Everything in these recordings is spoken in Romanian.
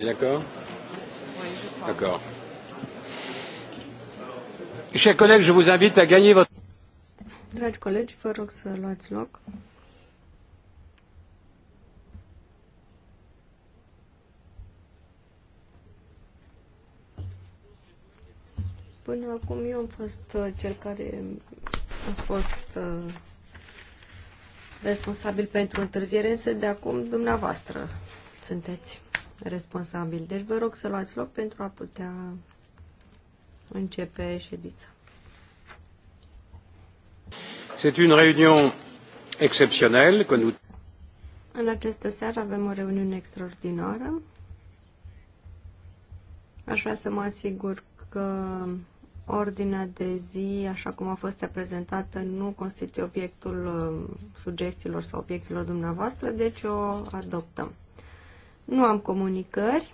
D'accord D'accord. Chers collègues, je vous invite à gagner votre... Dragi colegi, vă rog să luați loc. Până acum eu am fost uh, cel care a fost uh, responsabil pentru întârziere, însă de acum dumneavoastră sunteți. Responsabil, Deci vă rog să luați loc pentru a putea începe ședința. C'est une réunion exceptionnelle que nous... În această seară avem o reuniune extraordinară. Aș vrea să mă asigur că ordinea de zi, așa cum a fost prezentată, nu constituie obiectul um, sugestiilor sau obiecțiilor dumneavoastră, deci o adoptăm. Nu am comunicări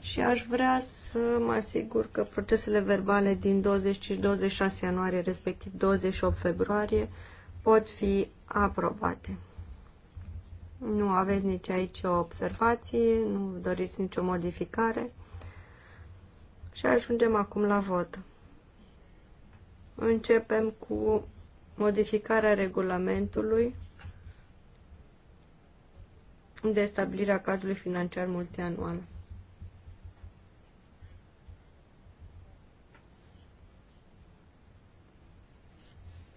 și aș vrea să mă asigur că procesele verbale din 25-26 ianuarie, respectiv 28 februarie, pot fi aprobate. Nu aveți nici aici o observație, nu doriți nicio modificare. Și ajungem acum la vot. Începem cu modificarea regulamentului de stabilirea cadrului financiar multianual.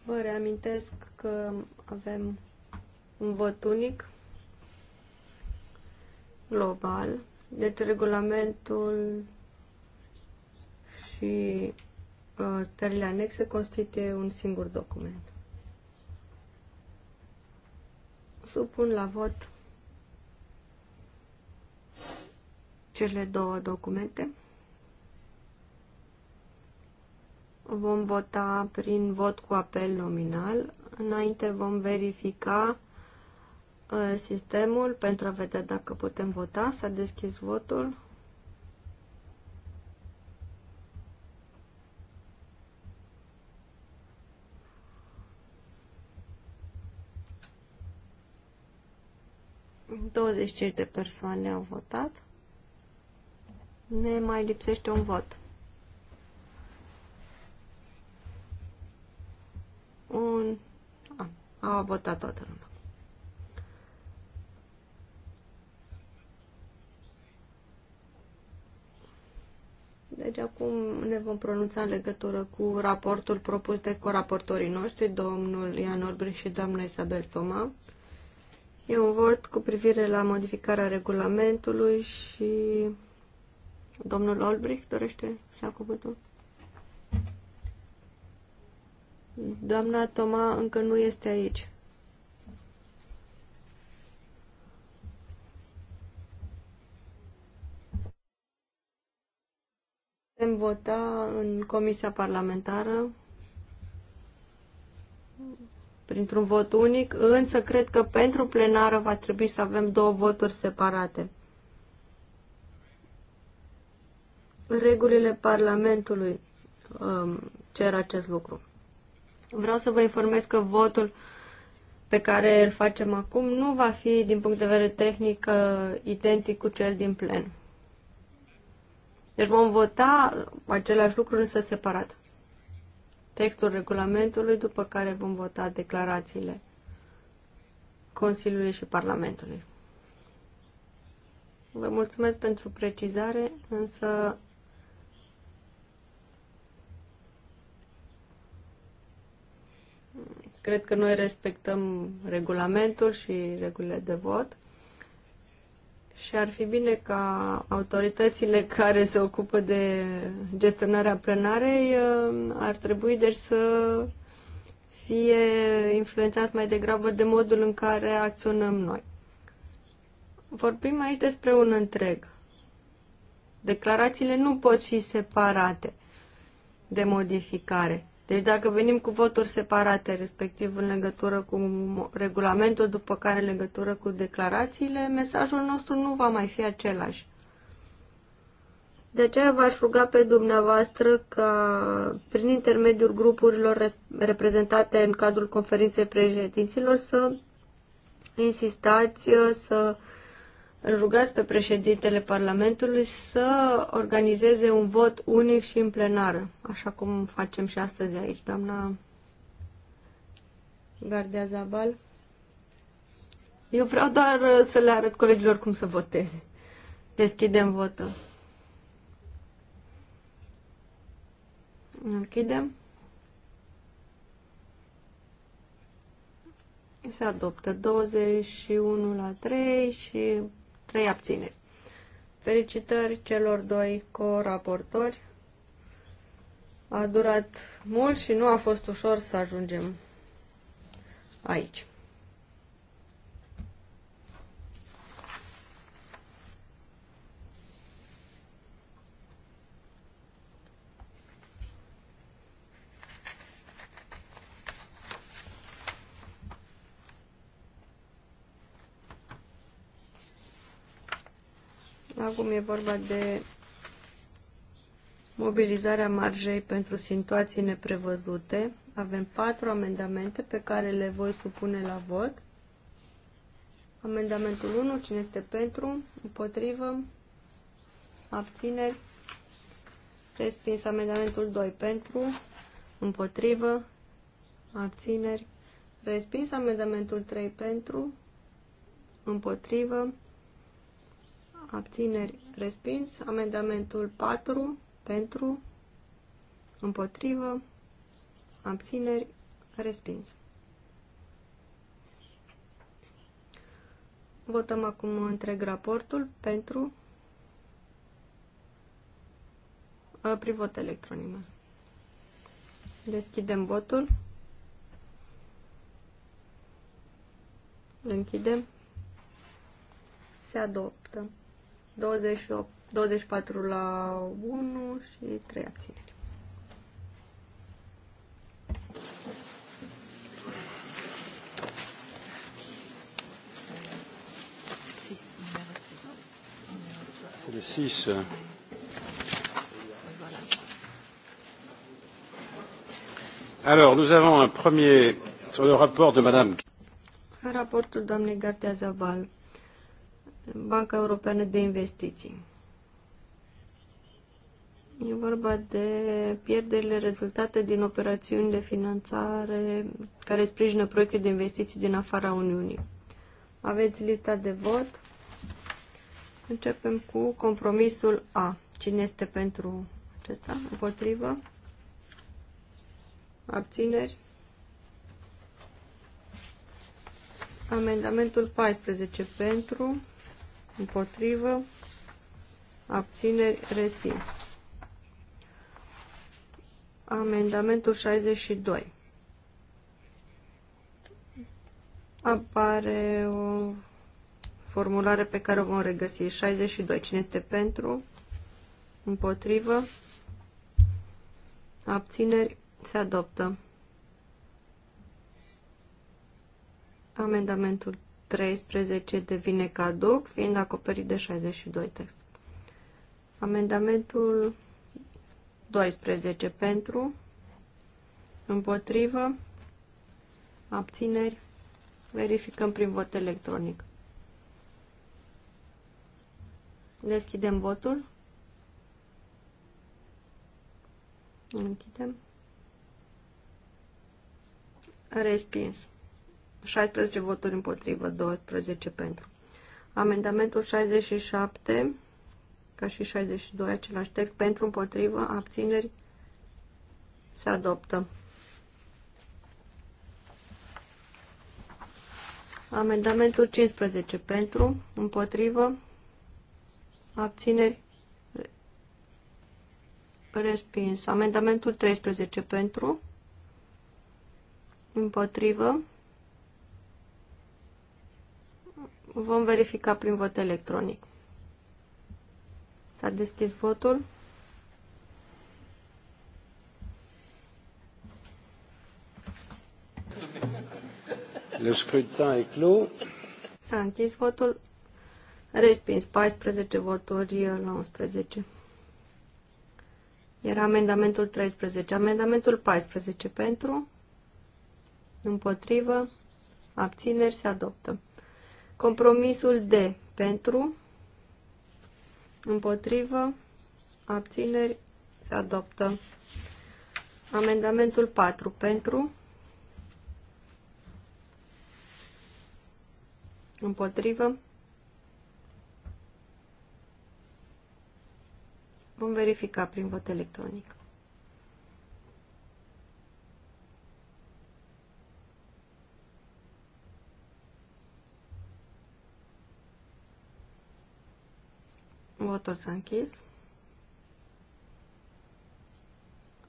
Vă reamintesc că avem un vot unic global, deci regulamentul și uh, stările anexe constituie un singur document. Supun la vot cele două documente. Vom vota prin vot cu apel nominal. Înainte vom verifica uh, sistemul pentru a vedea dacă putem vota. S-a deschis votul. Douăzeci de persoane au votat. Ne mai lipsește un vot. Un... A, a votat toată lumea. Deci acum ne vom pronunța în legătură cu raportul propus de coraportorii noștri, domnul Ian Orbri și doamna Isabel Toma. E un vot cu privire la modificarea regulamentului și Domnul Olbrich dorește să a cuvântul. Doamna Toma încă nu este aici. Putem vota în comisia parlamentară printr-un vot unic, însă cred că pentru plenară va trebui să avem două voturi separate. regulile Parlamentului um, cer acest lucru. Vreau să vă informez că votul pe care îl facem acum nu va fi, din punct de vedere tehnic, uh, identic cu cel din plen. Deci vom vota același lucru, însă separat. Textul regulamentului, după care vom vota declarațiile Consiliului și Parlamentului. Vă mulțumesc pentru precizare, însă Cred că noi respectăm regulamentul și regulile de vot. Și ar fi bine ca autoritățile care se ocupă de gestionarea plenarei uh, ar trebui deci să fie influențați mai degrabă de modul în care acționăm noi. Vorbim aici despre un întreg. Declarațiile nu pot fi separate de modificare. Deci dacă venim cu voturi separate, respectiv în legătură cu regulamentul, după care în legătură cu declarațiile, mesajul nostru nu va mai fi același. De aceea v-aș ruga pe dumneavoastră ca, prin intermediul grupurilor reprezentate în cadrul conferinței președinților, să insistați să îl rugați pe președintele Parlamentului să organizeze un vot unic și în plenară, așa cum facem și astăzi aici, doamna Gardea Zabal. Eu vreau doar uh, să le arăt colegilor cum să voteze. Deschidem votul. Închidem. Se adoptă 21 la 3 și 3 abțineri. Felicitări celor doi co-raportori. A durat mult și nu a fost ușor să ajungem aici. Acum e vorba de mobilizarea marjei pentru situații neprevăzute. Avem patru amendamente pe care le voi supune la vot. Amendamentul 1, cine este pentru, împotrivă, abțineri, respins amendamentul 2, pentru, împotrivă, abțineri, respins amendamentul 3, pentru, împotrivă, abțineri, respins. Amendamentul 4, pentru, împotrivă, abțineri, respins. Votăm acum întreg raportul pentru privot electronic. Deschidem votul. Închidem. Se adoptă. 28, 24 la 1 și 3 abțineri. C'est 6. Euh. Alors, nous avons un premier sur le rapport de Madame. Raportul doamnei Gartea Zaval. Banca Europeană de Investiții. E vorba de pierderile rezultate din operațiuni de finanțare care sprijină proiecte de investiții din afara Uniunii. Aveți lista de vot. Începem cu compromisul A. Cine este pentru acesta? Împotrivă? Abțineri? Amendamentul 14 pentru, împotrivă, abțineri, Restins. Amendamentul 62. Apare o formulare pe care o vom regăsi. 62. Cine este pentru? Împotrivă? Abțineri? Se adoptă. Amendamentul 13 devine caduc, fiind acoperit de 62 text. Amendamentul 12 pentru, împotrivă, abțineri, verificăm prin vot electronic. Deschidem votul. Închidem. Respins. 16 voturi împotrivă, 12 pentru. Amendamentul 67, ca și 62, același text, pentru, împotrivă, abțineri, se adoptă. Amendamentul 15, pentru, împotrivă, abțineri, respins. Amendamentul 13, pentru, împotrivă, Vom verifica prin vot electronic. S-a deschis votul. Le scrutin est clos. S-a închis votul. Respins 14 voturi la 11. Era amendamentul 13. Amendamentul 14 pentru, împotrivă, abțineri se adoptă. Compromisul D pentru, împotrivă, abțineri, se adoptă. Amendamentul 4 pentru, împotrivă, vom verifica prin vot electronic. Motor s-a închis.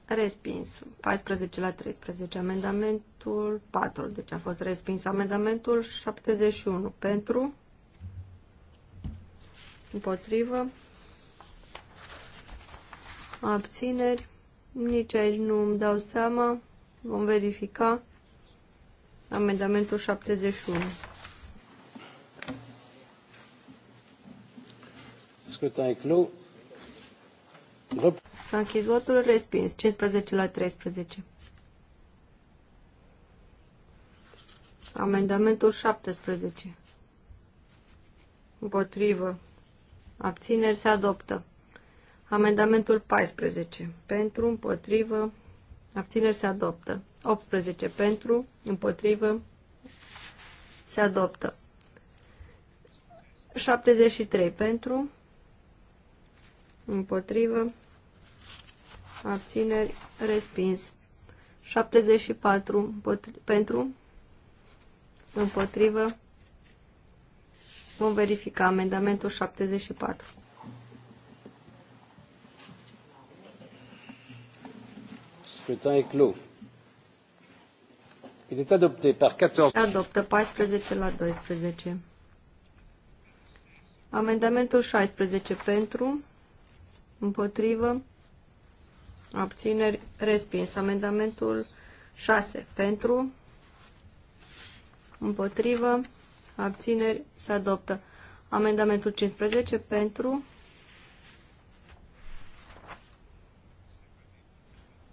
Respins. 14 la 13. Amendamentul 4. Deci a fost respins. Amendamentul 71. Pentru. Împotrivă. Abțineri. Nici aici nu îmi dau seama. Vom verifica. Amendamentul 71. Scrutin e clos. S-a închis votul respins. 15 la 13. Amendamentul 17. Împotrivă. Abțineri se adoptă. Amendamentul 14. Pentru, împotrivă, abțineri se adoptă. 18. Pentru, împotrivă, se adoptă. 73. Pentru, împotrivă, abțineri, respins. 74 pentru, împotrivă, vom verifica amendamentul 74. Scrutin e clos. Il est adopté par 14. Adoptă 14 la 12. Amendamentul 16 pentru, Împotrivă. Abțineri. Respins. Amendamentul 6. Pentru. Împotrivă. Abțineri. Se adoptă. Amendamentul 15. Pentru.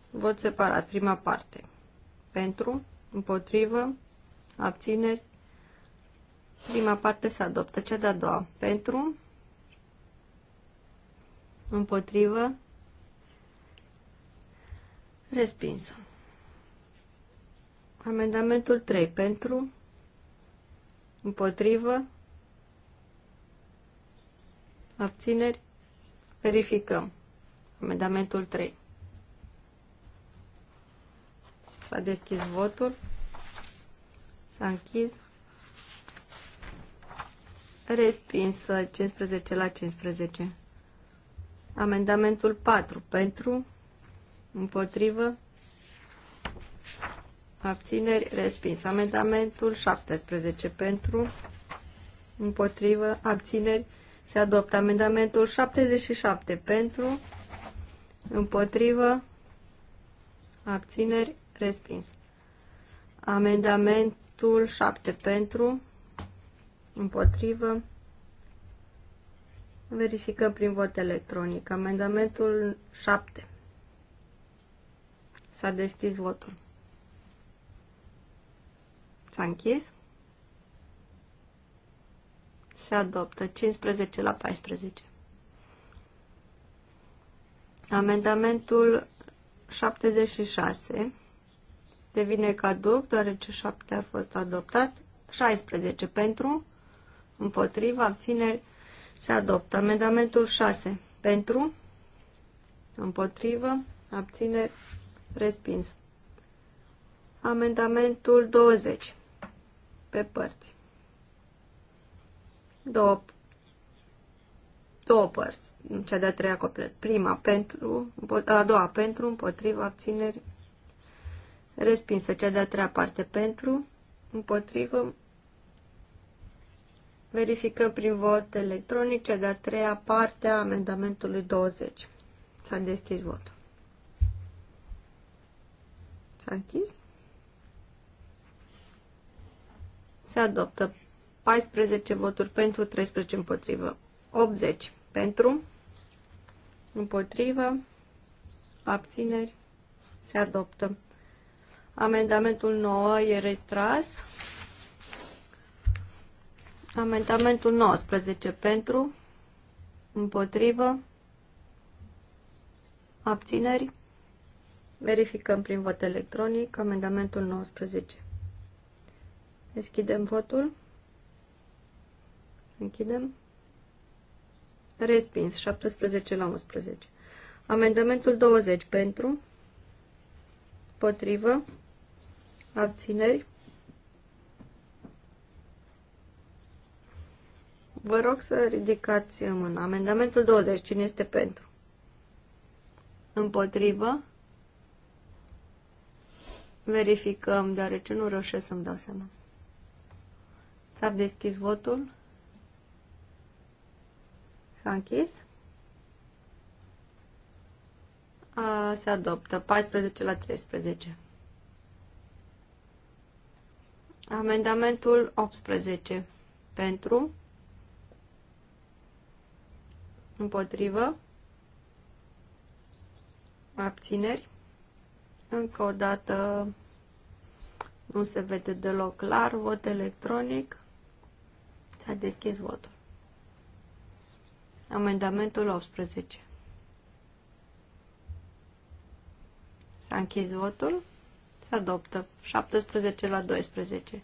Vot separat. Prima parte. Pentru. Împotrivă. Abțineri. Prima parte se adoptă. Cea de-a doua. Pentru împotrivă, respinsă. Amendamentul 3 pentru, împotrivă, abțineri, verificăm. Amendamentul 3. S-a deschis votul. S-a închis. Respinsă 15 la 15. Amendamentul 4 pentru, împotrivă, abțineri, respins. Amendamentul 17 pentru, împotrivă, abțineri, se adoptă. Amendamentul 77 pentru, împotrivă, abțineri, respins. Amendamentul 7 pentru, împotrivă, Verificăm prin vot electronic. Amendamentul 7. S-a deschis votul. S-a închis. Se adoptă 15 la 14. Amendamentul 76 devine caduc, deoarece 7 a fost adoptat. 16 pentru, împotriva, abțineri, se adoptă. Amendamentul 6. Pentru? Împotrivă? Abține? Respins. Amendamentul 20. Pe părți. Două, două părți. Cea de-a treia complet. Prima pentru, a doua pentru, împotrivă, abțineri. Respinsă. Cea de-a treia parte pentru, împotrivă, Verificăm prin vot electronic cea de-a treia parte a amendamentului 20. S-a deschis votul. S-a închis. Se adoptă 14 voturi pentru, 13 împotrivă. 80 pentru, împotrivă, abțineri, se adoptă. Amendamentul 9 e retras. Amendamentul 19 pentru, împotrivă, abțineri. Verificăm prin vot electronic amendamentul 19. Deschidem votul. Închidem. Respins. 17 la 11. Amendamentul 20 pentru, potrivă, abțineri. Vă rog să ridicați mâna. Amendamentul 20. Cine este pentru? Împotrivă? Verificăm, deoarece nu reușesc să-mi dau seama. S-a deschis votul. S-a închis. A, se adoptă. 14 la 13. Amendamentul 18. Pentru. Împotrivă. Abțineri. Încă o dată nu se vede deloc clar. Vot electronic. S-a deschis votul. Amendamentul 18. S-a închis votul. Se adoptă. 17 la 12.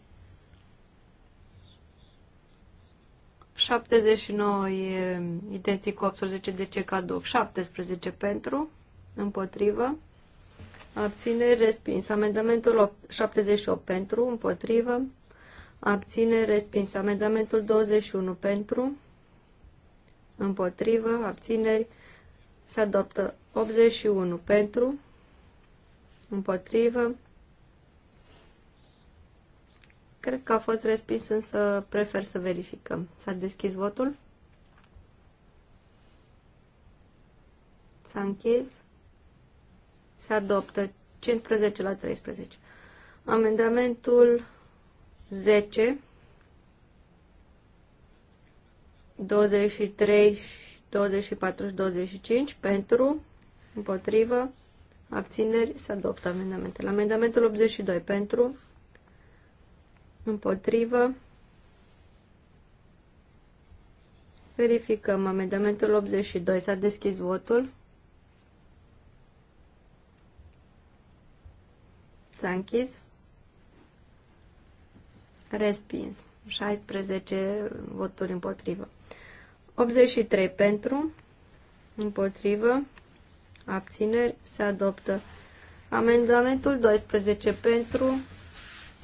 79 e identic cu 18 de ce cadou. 17 pentru, împotrivă, abțineri, respins. Amendamentul 78 pentru, împotrivă, abțineri, respins. Amendamentul 21 pentru, împotrivă, abțineri, se adoptă 81 pentru, împotrivă, Cred că a fost respins, însă prefer să verificăm. S-a deschis votul? S-a închis? Se adoptă 15 la 13. Amendamentul 10, 23, 24 și 25 pentru, împotrivă, abțineri, se adoptă amendamentul. Amendamentul 82 pentru, împotrivă. Verificăm amendamentul 82. S-a deschis votul. S-a închis. Respins. 16 voturi împotrivă. 83 pentru, împotrivă, abțineri, se adoptă. Amendamentul 12 pentru,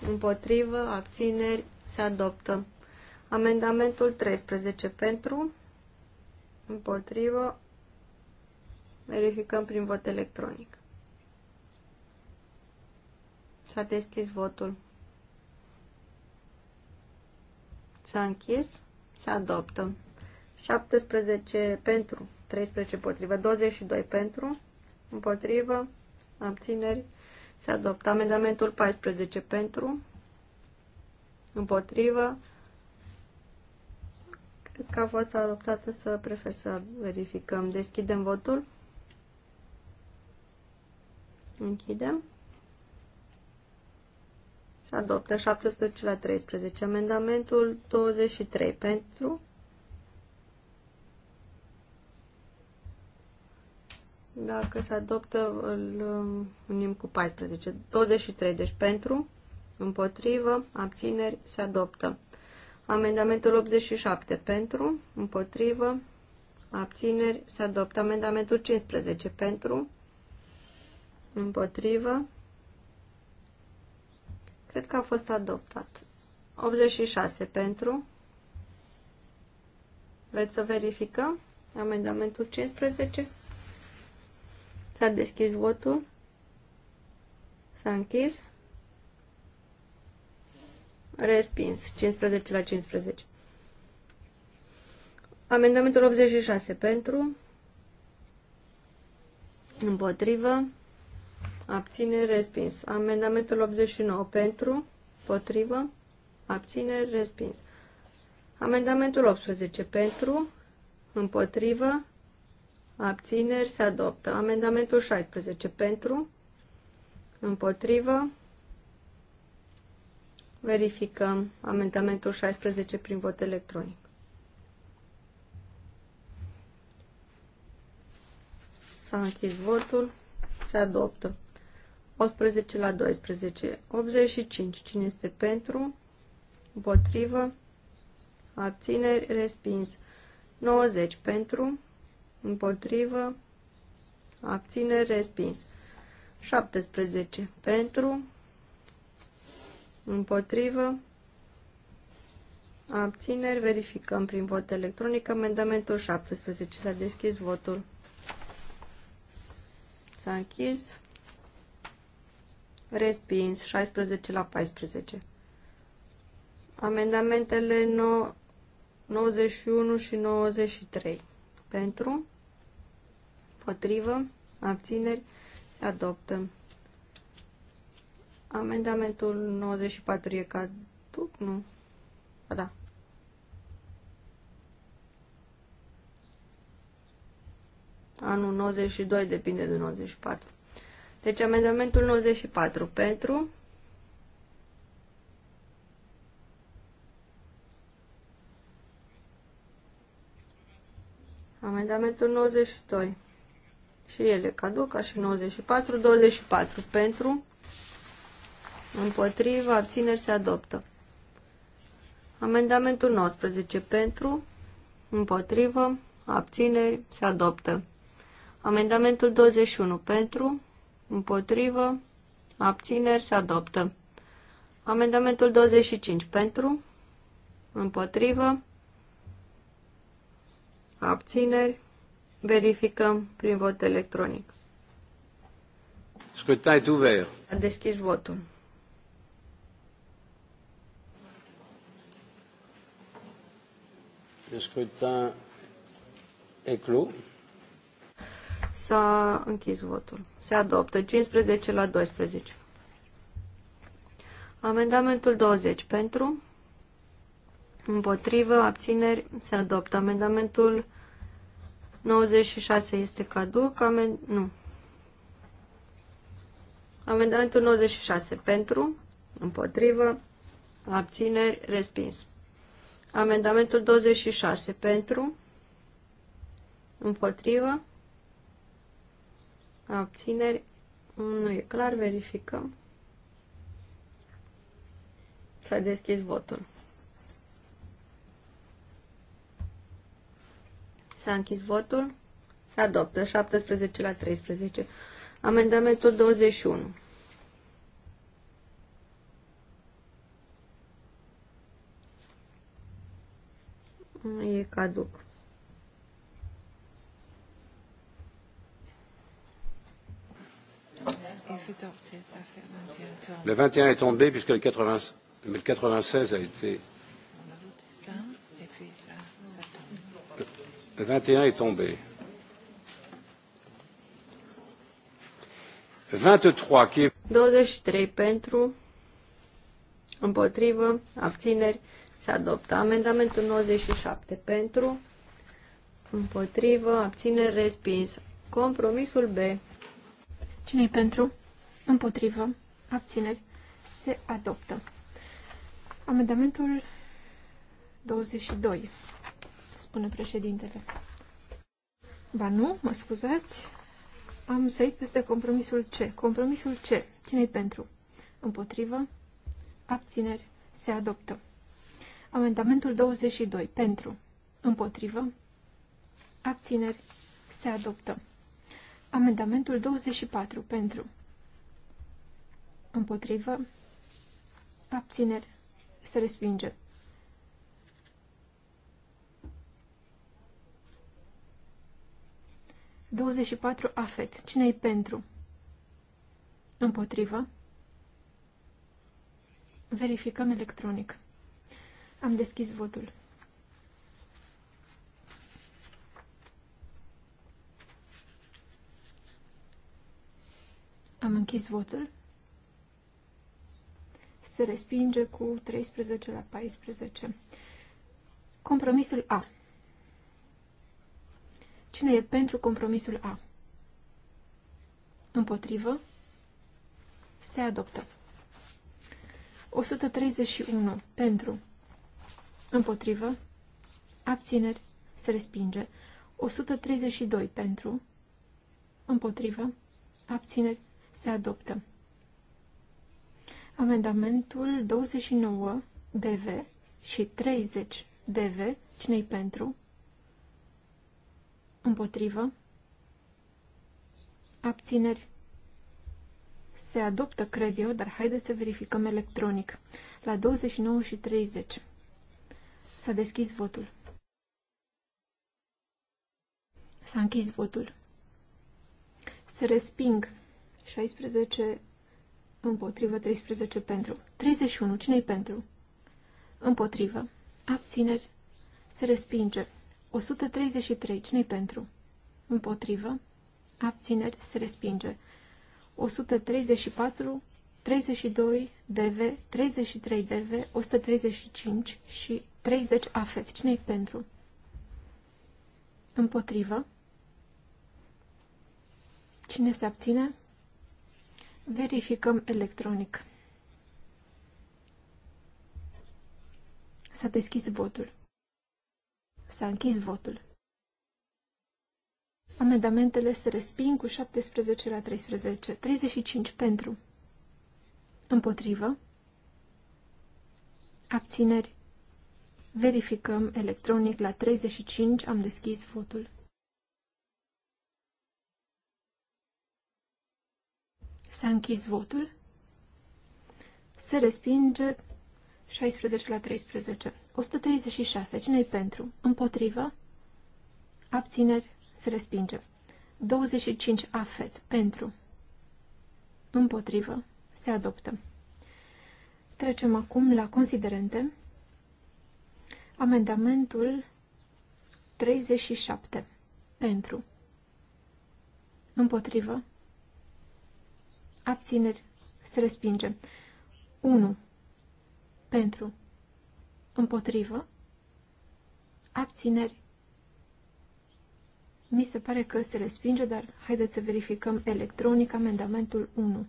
împotrivă, abțineri, se adoptă. Amendamentul 13 pentru, împotrivă, verificăm prin vot electronic. S-a deschis votul. S-a închis, se adoptă. 17 pentru, 13 potrivă, 22 pentru, împotrivă, abțineri, se adoptă amendamentul 14 pentru, împotrivă. Cred că a fost adoptată să prefer să verificăm. Deschidem votul. Închidem. Se adoptă 17 la 13. Amendamentul 23 pentru, Dacă se adoptă, îl um, unim cu 14. 23, deci pentru, împotrivă, abțineri, se adoptă. Amendamentul 87, pentru, împotrivă, abțineri, se adoptă. Amendamentul 15, pentru, împotrivă, cred că a fost adoptat. 86 pentru. Vreți să verificăm? Amendamentul 15. S-a deschis votul. S-a închis. Respins. 15 la 15. Amendamentul 86 pentru. Împotrivă. Abține. Respins. Amendamentul 89 pentru. Împotrivă. Abține. Respins. Amendamentul 18 pentru. Împotrivă. Abțineri se adoptă. Amendamentul 16 pentru. Împotrivă. Verificăm amendamentul 16 prin vot electronic. S-a închis votul. Se adoptă. 18 la 12. 85. Cine este pentru? Împotrivă. Abțineri. Respins. 90 pentru împotrivă, Abține. respins. 17 pentru, împotrivă, abțineri, verificăm prin vot electronic amendamentul 17. S-a deschis votul. S-a închis. Respins 16 la 14. Amendamentele 91 și 93. Pentru, împotrivă, abțineri, adoptă. Amendamentul 94 e caduc, nu? A, da. Anul 92 depinde de 94. Deci amendamentul 94 pentru Amendamentul 92 și ele caduc, ca și 94, 24 pentru, împotriva, abțineri se adoptă. Amendamentul 19 pentru, împotrivă, abțineri se adoptă. Amendamentul 21 pentru, împotrivă, abțineri se adoptă. Amendamentul 25 pentru, împotrivă, abțineri Verificăm prin vot electronic. Scrutin este ouvert. A deschis votul. Le scrutin est clos. S-a închis votul. Se adoptă 15 la 12. Amendamentul 20 pentru, împotrivă, abțineri, se adoptă. Amendamentul 96 este caduc. Amen... Nu. Amendamentul 96 pentru, împotrivă, abțineri, respins. Amendamentul 26 pentru, împotrivă, abțineri, nu e clar, verificăm. S-a deschis votul. S-a închis votul. Se adoptă. 17 la 13. Amendamentul 21. E caduc. Le 21 est tombé puisque le, 80, le 96 a été 21 est tombé. 23 qui est... 23 pentru, împotrivă, abțineri, se adoptă. Amendamentul 97 pentru, împotrivă, abțineri, respins. Compromisul B. cine pentru? Împotrivă, abțineri, se adoptă. Amendamentul 22 spune președintele. Ba nu, mă scuzați, am sărit peste compromisul C. Compromisul C. Cine-i pentru? Împotrivă? Abțineri? Se adoptă. Amendamentul 22. Pentru? Împotrivă? Abțineri? Se adoptă. Amendamentul 24. Pentru? Împotrivă? Abțineri? Se respinge. 24 afet. Cine-i pentru? Împotrivă. Verificăm electronic. Am deschis votul. Am închis votul. Se respinge cu 13 la 14. Compromisul A. Cine e pentru compromisul A? Împotrivă? Se adoptă. 131. Pentru. Împotrivă. Abțineri. Se respinge. 132. Pentru. Împotrivă. Abțineri. Se adoptă. Amendamentul 29 DV și 30 DV. Cine-i pentru? Împotrivă. Abțineri. Se adoptă, cred eu, dar haideți să verificăm electronic. La 29 și 30. S-a deschis votul. S-a închis votul. Se resping 16 împotrivă, 13 pentru. 31. Cine-i pentru? Împotrivă. Abțineri. Se respinge. 133. cine pentru? Împotrivă. Abțineri se respinge. 134, 32 DV, 33 DV, 135 și 30 AFET. cine pentru? Împotrivă. Cine se abține? Verificăm electronic. S-a deschis votul. S-a închis votul. Amendamentele se resping cu 17 la 13. 35 pentru. Împotrivă. Abțineri. Verificăm electronic la 35. Am deschis votul. S-a închis votul. Se respinge 16 la 13. 136. cine e pentru? Împotrivă? Abțineri? Se respinge. 25. Afet. Pentru. Împotrivă. Se adoptă. Trecem acum la considerente. Amendamentul 37. Pentru. Împotrivă. Abțineri. Se respinge. 1 pentru, împotrivă, abțineri. Mi se pare că se respinge, dar haideți să verificăm electronic amendamentul 1.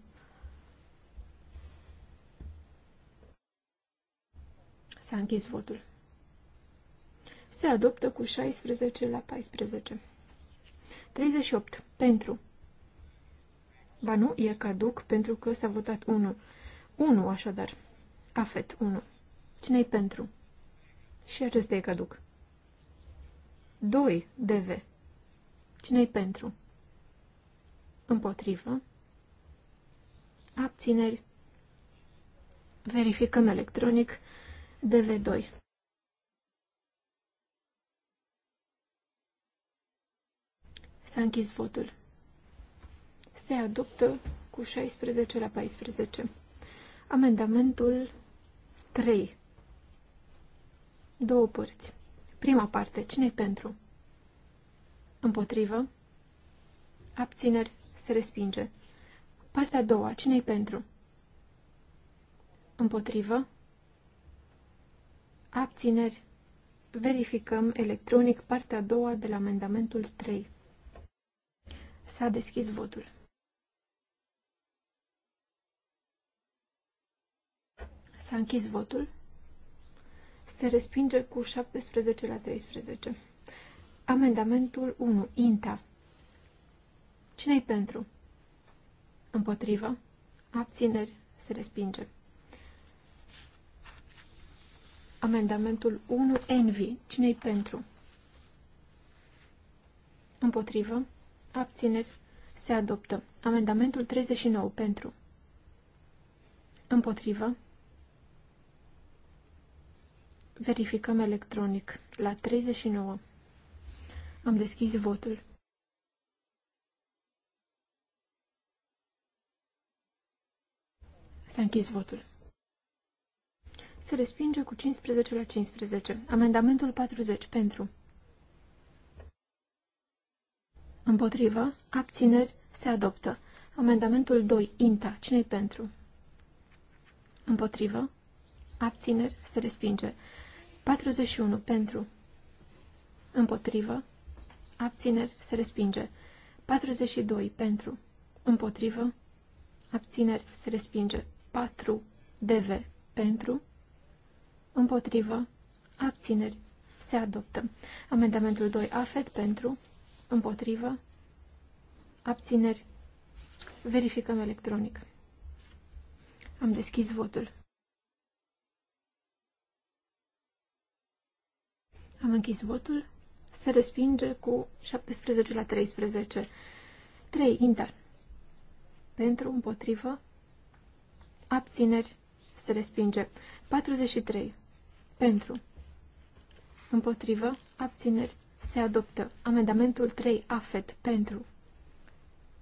S-a închis votul. Se adoptă cu 16 la 14. 38. Pentru. Ba nu, e caduc pentru că s-a votat 1. 1, așadar. AFET 1. cine e pentru? Și acesta e caduc. 2. DV. cine e pentru? Împotrivă. Abțineri. Verificăm electronic. DV2. S-a închis votul. Se adoptă cu 16 la 14. Amendamentul 3. Două părți. Prima parte. cine pentru? Împotrivă. Abțineri. Se respinge. Partea a doua. cine pentru? Împotrivă. Abțineri. Verificăm electronic partea a doua de la amendamentul 3. S-a deschis votul. S-a închis votul. Se respinge cu 17 la 13. Amendamentul 1. INTA. Cine-i pentru? Împotrivă. Abțineri. Se respinge. Amendamentul 1. ENVI. Cine-i pentru? Împotrivă. Abțineri. Se adoptă. Amendamentul 39. Pentru. Împotrivă. Verificăm electronic. La 39. Am deschis votul. S-a închis votul. Se respinge cu 15 la 15. Amendamentul 40. Pentru. Împotrivă. Abțineri. Se adoptă. Amendamentul 2. INTA. cine pentru? Împotrivă. Abțineri. Se respinge. 41 pentru, împotrivă, abțineri, se respinge. 42 pentru, împotrivă, abțineri, se respinge. 4 DV pentru, împotrivă, abțineri, se adoptă. Amendamentul 2 AFET pentru, împotrivă, abțineri, verificăm electronic. Am deschis votul. Am închis votul. Se respinge cu 17 la 13. 3. Inter. Pentru, împotrivă, abțineri, se respinge. 43. Pentru, împotrivă, abțineri, se adoptă. Amendamentul 3. Afet. Pentru,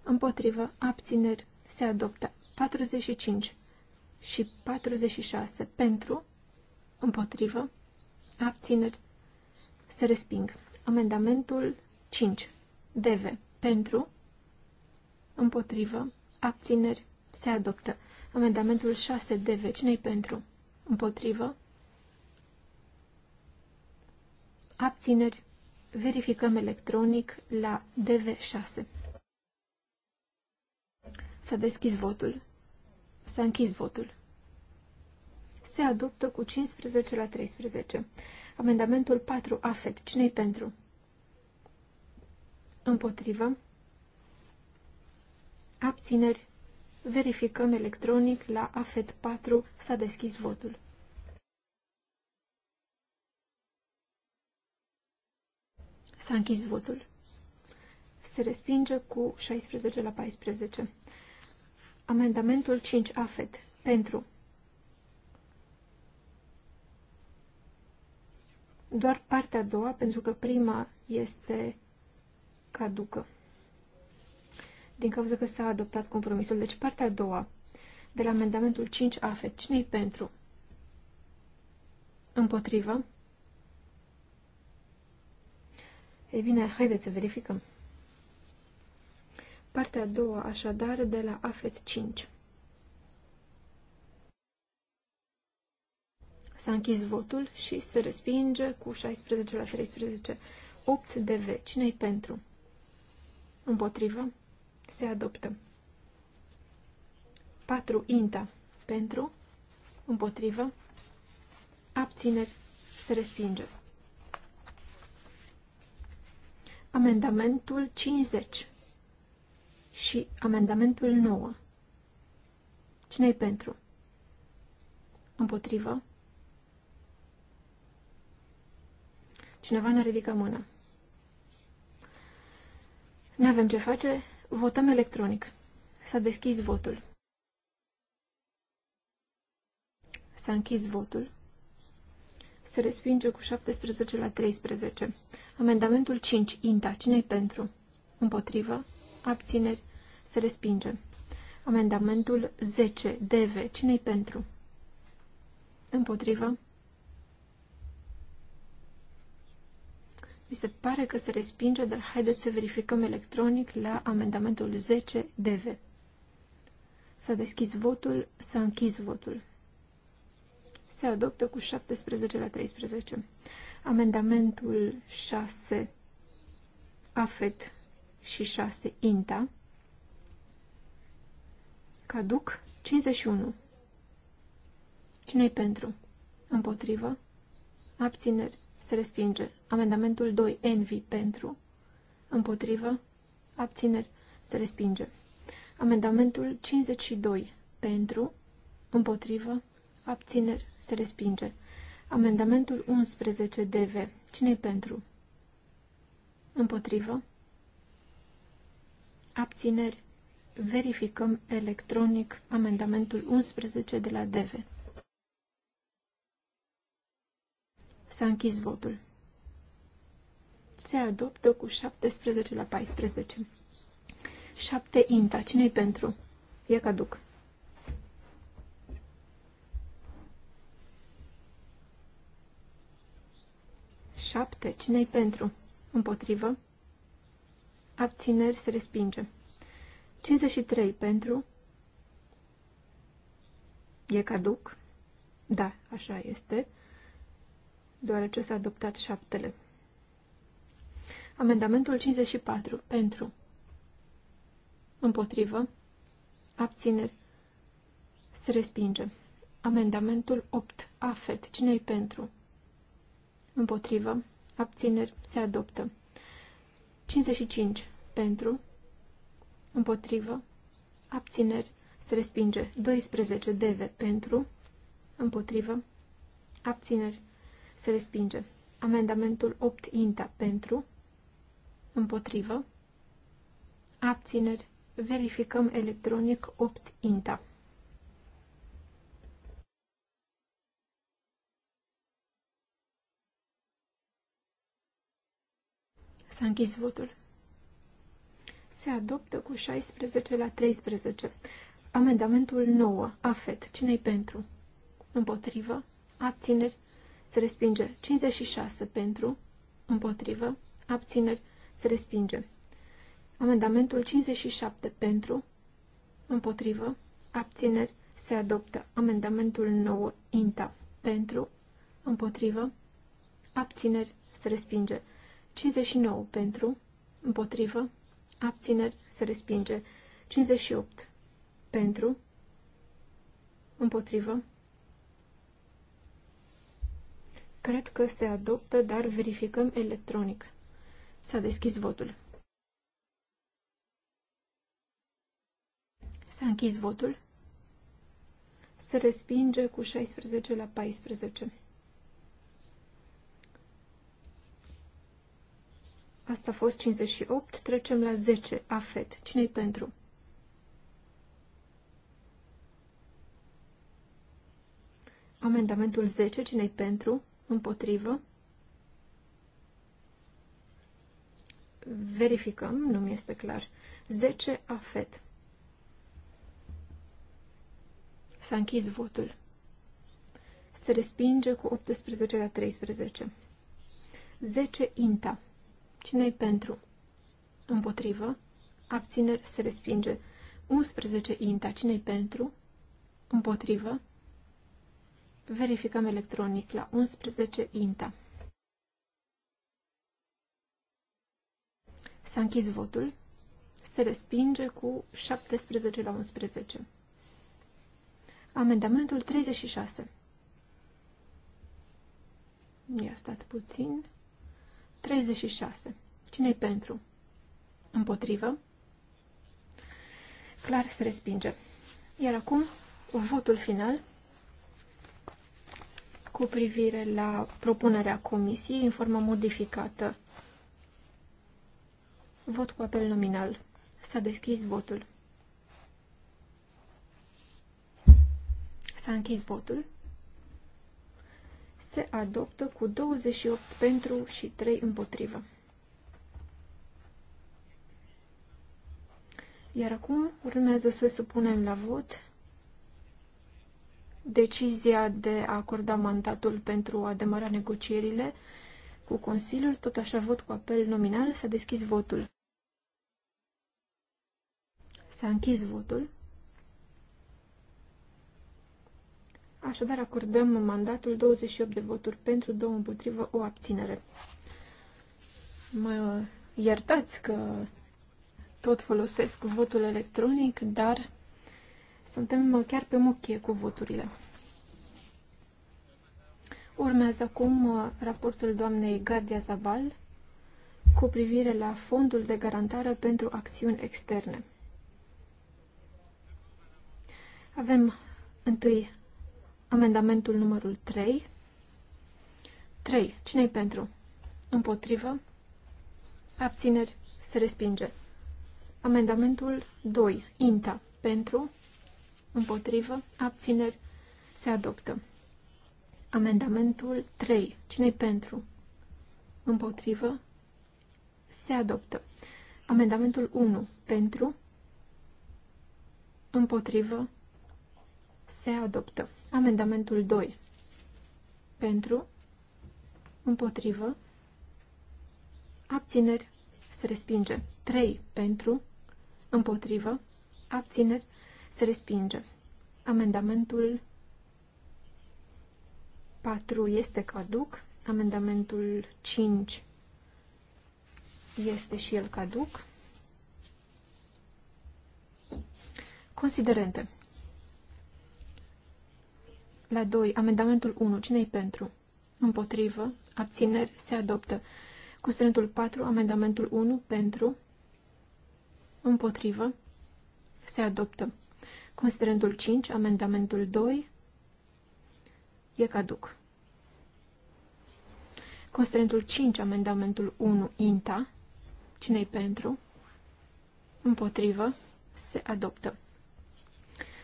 împotrivă, abțineri, se adoptă. 45 și 46. Pentru, împotrivă, abțineri, se resping. Amendamentul 5. DV. Pentru. Împotrivă. Abțineri. Se adoptă. Amendamentul 6. DV. Cine-i pentru? Împotrivă. Abțineri. Verificăm electronic la DV6. S-a deschis votul. S-a închis votul se adoptă cu 15 la 13. Amendamentul 4, AFET. Cine-i pentru? Împotrivă. Abțineri. Verificăm electronic la AFET 4. S-a deschis votul. S-a închis votul. Se respinge cu 16 la 14. Amendamentul 5 AFET. Pentru. doar partea a doua, pentru că prima este caducă. Din cauza că s-a adoptat compromisul. Deci partea a doua de la amendamentul 5 AFET. cine pentru? Împotrivă? Ei bine, haideți să verificăm. Partea a doua, așadar, de la AFET 5. S-a închis votul și se respinge cu 16 la 13. 8 de V. Cine-i pentru? Împotrivă. Se adoptă. 4 INTA. Pentru. Împotrivă. Abțineri. Se respinge. Amendamentul 50 și amendamentul 9. Cine-i pentru? Împotrivă. Cineva ne ridică mâna. Nu avem ce face, votăm electronic. S-a deschis votul. S-a închis votul. Se respinge cu 17 la 13. Amendamentul 5, INTA. cine pentru? Împotrivă. Abțineri. Se respinge. Amendamentul 10, DV. cine pentru? Împotrivă. Mi se pare că se respinge, dar haideți să verificăm electronic la amendamentul 10 DV. S-a deschis votul, s-a închis votul. Se adoptă cu 17 la 13. Amendamentul 6 AFET și 6 INTA caduc 51. Cine-i pentru? Împotrivă? Abțineri? se respinge. Amendamentul 2, Envi pentru, împotrivă, abțineri, se respinge. Amendamentul 52, pentru, împotrivă, abțineri, se respinge. Amendamentul 11, DV, cine pentru? Împotrivă, abțineri, verificăm electronic amendamentul 11 de la DV. S-a închis votul. Se adoptă cu 17 la 14. 7 inta. Cine-i pentru? E caduc. Șapte. Cine-i pentru? Împotrivă. Abțineri se respinge. 53 pentru. E caduc. Da, așa este deoarece s-a adoptat șaptele. Amendamentul 54. Pentru. Împotrivă. Abțineri. Se respinge. Amendamentul 8. Afet. Cine-i pentru? Împotrivă. Abțineri. Se adoptă. 55. Pentru. Împotrivă. Abțineri. Se respinge. 12. Deve. Pentru. Împotrivă. Abțineri. Se respinge. Amendamentul 8 INTA pentru. Împotrivă. Abțineri. Verificăm electronic 8 INTA. S-a închis votul. Se adoptă cu 16 la 13. Amendamentul 9. AFET. Cine-i pentru? Împotrivă. Abțineri se respinge. 56 pentru, împotrivă, abțineri, se respinge. Amendamentul 57 pentru, împotrivă, abțineri, se adoptă. Amendamentul 9, INTA, pentru, împotrivă, abțineri, se respinge. 59 pentru, împotrivă, abțineri, se respinge. 58 pentru, împotrivă, Cred că se adoptă, dar verificăm electronic. S-a deschis votul. S-a închis votul. Se respinge cu 16 la 14. Asta a fost 58. Trecem la 10. Afet. Cine-i pentru? Amendamentul 10. Cine-i pentru? Împotrivă. Verificăm, nu mi este clar. 10 afet. S-a închis votul. Se respinge cu 18 la 13. 10 inta. Cine-i pentru? Împotrivă. Abțineri se respinge. 11 inta. Cine-i pentru? Împotrivă. Verificăm electronic la 11 INTA. S-a închis votul. Se respinge cu 17 la 11. Amendamentul 36. Ia stat puțin. 36. cine e pentru? Împotrivă? Clar se respinge. Iar acum, votul final cu privire la propunerea comisiei în formă modificată. Vot cu apel nominal. S-a deschis votul. S-a închis votul. Se adoptă cu 28 pentru și 3 împotrivă. Iar acum urmează să supunem la vot decizia de a acorda mandatul pentru a demara negocierile cu Consiliul, tot așa vot cu apel nominal, s-a deschis votul. S-a închis votul. Așadar, acordăm mandatul 28 de voturi pentru, 2 împotrivă, o abținere. Mă iertați că tot folosesc votul electronic, dar suntem chiar pe muchie cu voturile. Urmează acum uh, raportul doamnei Gardia Zabal cu privire la Fondul de Garantare pentru Acțiuni Externe. Avem întâi amendamentul numărul 3. 3. Cine-i pentru? Împotrivă? Abțineri? Se respinge. Amendamentul 2. INTA. Pentru? împotrivă, abțineri, se adoptă. Amendamentul 3. cine pentru? Împotrivă, se adoptă. Amendamentul 1. Pentru, împotrivă, se adoptă. Amendamentul 2. Pentru, împotrivă, abțineri, se respinge. 3. Pentru, împotrivă, abțineri, se respinge. Amendamentul 4 este caduc. Amendamentul 5 este și el caduc. Considerente. La 2. Amendamentul 1. cine e pentru? Împotrivă. Abțineri. Se adoptă. Considerentul 4. Amendamentul 1. Pentru. Împotrivă. Se adoptă. Considerentul 5, amendamentul 2 e caduc. Considerentul 5, amendamentul 1, INTA, cine e pentru? Împotrivă, se adoptă.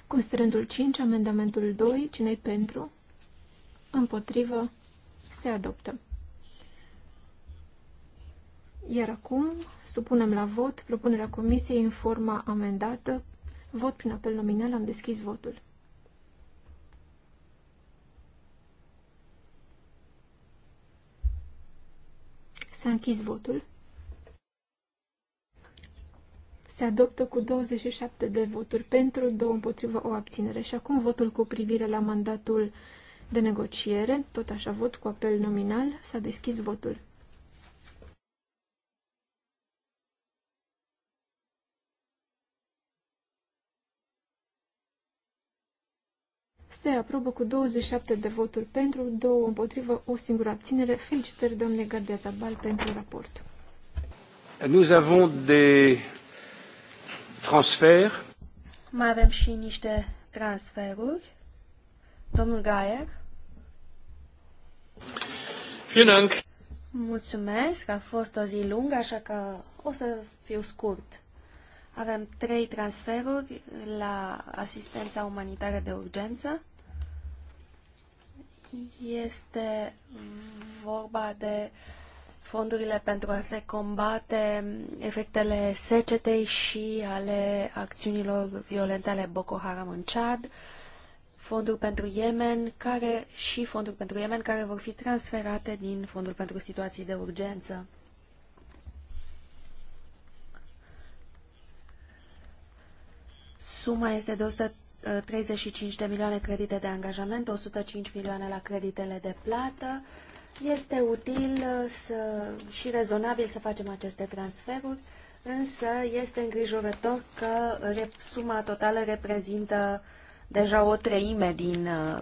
Considerentul 5, amendamentul 2, cine e pentru? Împotrivă, se adoptă. Iar acum supunem la vot propunerea comisiei în forma amendată Vot prin apel nominal, am deschis votul. S-a închis votul. Se adoptă cu 27 de voturi pentru, 2 împotrivă, o abținere. Și acum votul cu privire la mandatul de negociere, tot așa vot cu apel nominal, s-a deschis votul. se aprobă cu 27 de voturi pentru, două împotrivă, o singură abținere. Felicitări, domnule Gardea Zabal, pentru raport. Nous avons des transferts. Mai avem și niște transferuri. Domnul Gaier. Financ. Mulțumesc, a fost o zi lungă, așa că o să fiu scurt. Avem trei transferuri la asistența umanitară de urgență, este vorba de fondurile pentru a se combate efectele secetei și ale acțiunilor violente ale Boko Haram în Chad, fonduri pentru Yemen care, și fonduri pentru Yemen care vor fi transferate din fondul pentru situații de urgență. Suma este de 35 de milioane credite de angajament, 105 milioane la creditele de plată. Este util uh, să, și rezonabil să facem aceste transferuri, însă este îngrijorător că suma totală reprezintă deja o treime din uh,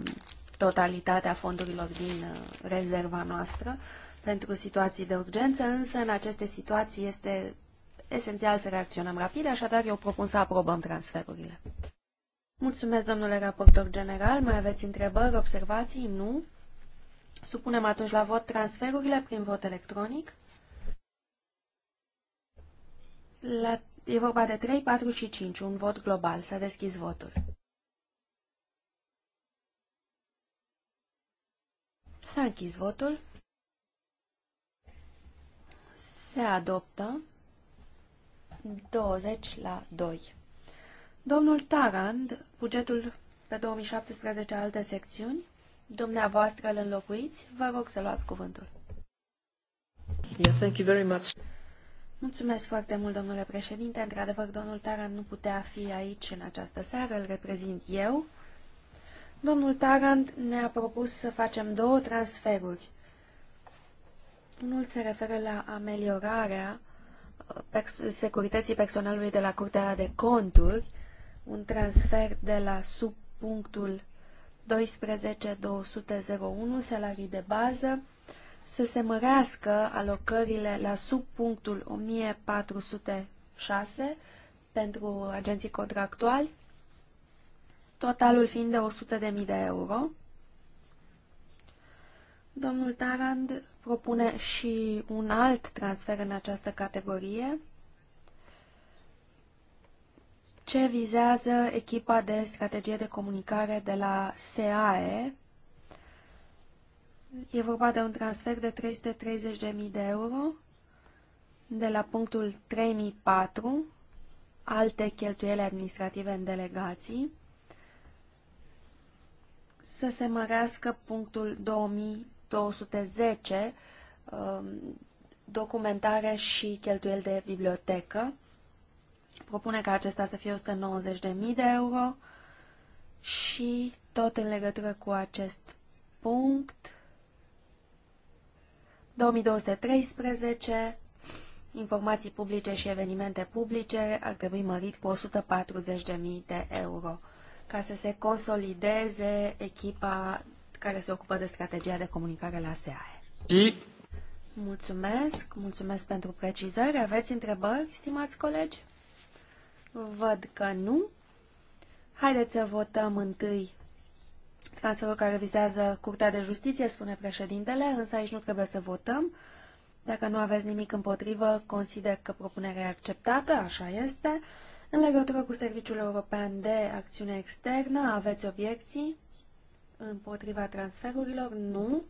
totalitatea fondurilor din uh, rezerva noastră pentru situații de urgență, însă în aceste situații este esențial să reacționăm rapid, așadar eu propun să aprobăm transferurile. Mulțumesc, domnule raportor general. Mai aveți întrebări, observații? Nu? Supunem atunci la vot transferurile prin vot electronic. La, e vorba de 3, 4 și 5, un vot global. S-a deschis votul. S-a închis votul. Se adoptă 20 la 2. Domnul Tarand, bugetul pe 2017 alte secțiuni, dumneavoastră îl înlocuiți, vă rog să luați cuvântul. Yeah, thank you very much. Mulțumesc foarte mult, domnule președinte. Într-adevăr, domnul Tarand nu putea fi aici în această seară, îl reprezint eu. Domnul Tarand ne-a propus să facem două transferuri. Unul se referă la ameliorarea securității personalului de la Curtea de Conturi un transfer de la subpunctul 12.201 salarii de bază să se mărească alocările la subpunctul 1406 pentru agenții contractuali, totalul fiind de 100.000 de euro. Domnul Tarand propune și un alt transfer în această categorie, ce vizează echipa de strategie de comunicare de la SAE. E vorba de un transfer de 330.000 de euro de la punctul 3004, alte cheltuieli administrative în delegații, să se mărească punctul 2210, um, documentare și cheltuieli de bibliotecă, propune ca acesta să fie 190.000 de euro și tot în legătură cu acest punct 2213 informații publice și evenimente publice ar trebui mărit cu 140.000 de euro ca să se consolideze echipa care se ocupă de strategia de comunicare la SEAE. Și... Mulțumesc, mulțumesc pentru precizări. Aveți întrebări, stimați colegi? Văd că nu. Haideți să votăm întâi transferul care vizează Curtea de Justiție, spune președintele, însă aici nu trebuie să votăm. Dacă nu aveți nimic împotrivă, consider că propunerea e acceptată, așa este. În legătură cu Serviciul European de Acțiune Externă, aveți obiecții împotriva transferurilor? Nu.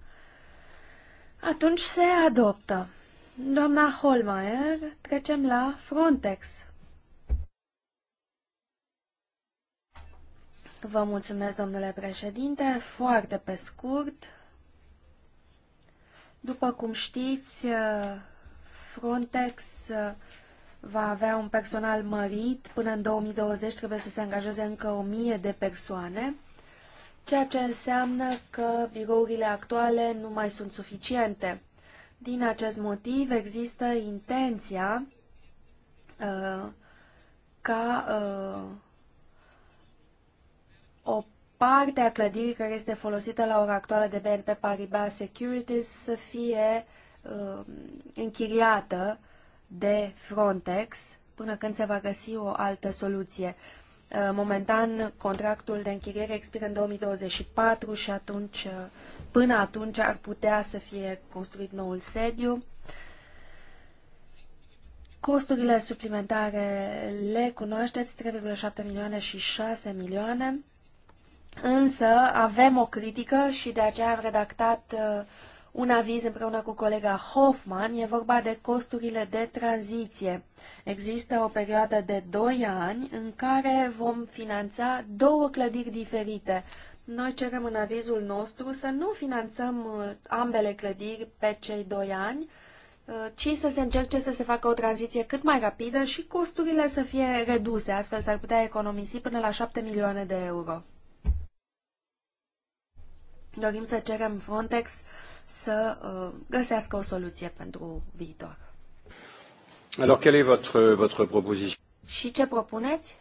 Atunci se adoptă. Doamna Holmeier, trecem la Frontex. Vă mulțumesc, domnule președinte. Foarte pe scurt, după cum știți, Frontex va avea un personal mărit. Până în 2020 trebuie să se angajeze încă o mie de persoane, ceea ce înseamnă că birourile actuale nu mai sunt suficiente. Din acest motiv există intenția uh, ca uh, o parte a clădirii care este folosită la ora actuală de BNP Paribas Securities să fie uh, închiriată de Frontex până când se va găsi o altă soluție. Uh, momentan, contractul de închiriere expiră în 2024 și atunci, uh, până atunci ar putea să fie construit noul sediu. Costurile suplimentare le cunoașteți, 3,7 milioane și 6 milioane. Însă avem o critică și de aceea am redactat uh, un aviz împreună cu colega Hoffman. E vorba de costurile de tranziție. Există o perioadă de 2 ani în care vom finanța două clădiri diferite. Noi cerem în avizul nostru să nu finanțăm uh, ambele clădiri pe cei 2 ani, uh, ci să se încerce să se facă o tranziție cât mai rapidă și costurile să fie reduse. Astfel s-ar putea economisi până la 7 milioane de euro. Dorim să cerem Frontex să uh, găsească o soluție pentru viitor. Alors, quelle est votre, votre proposition? Și ce propuneți?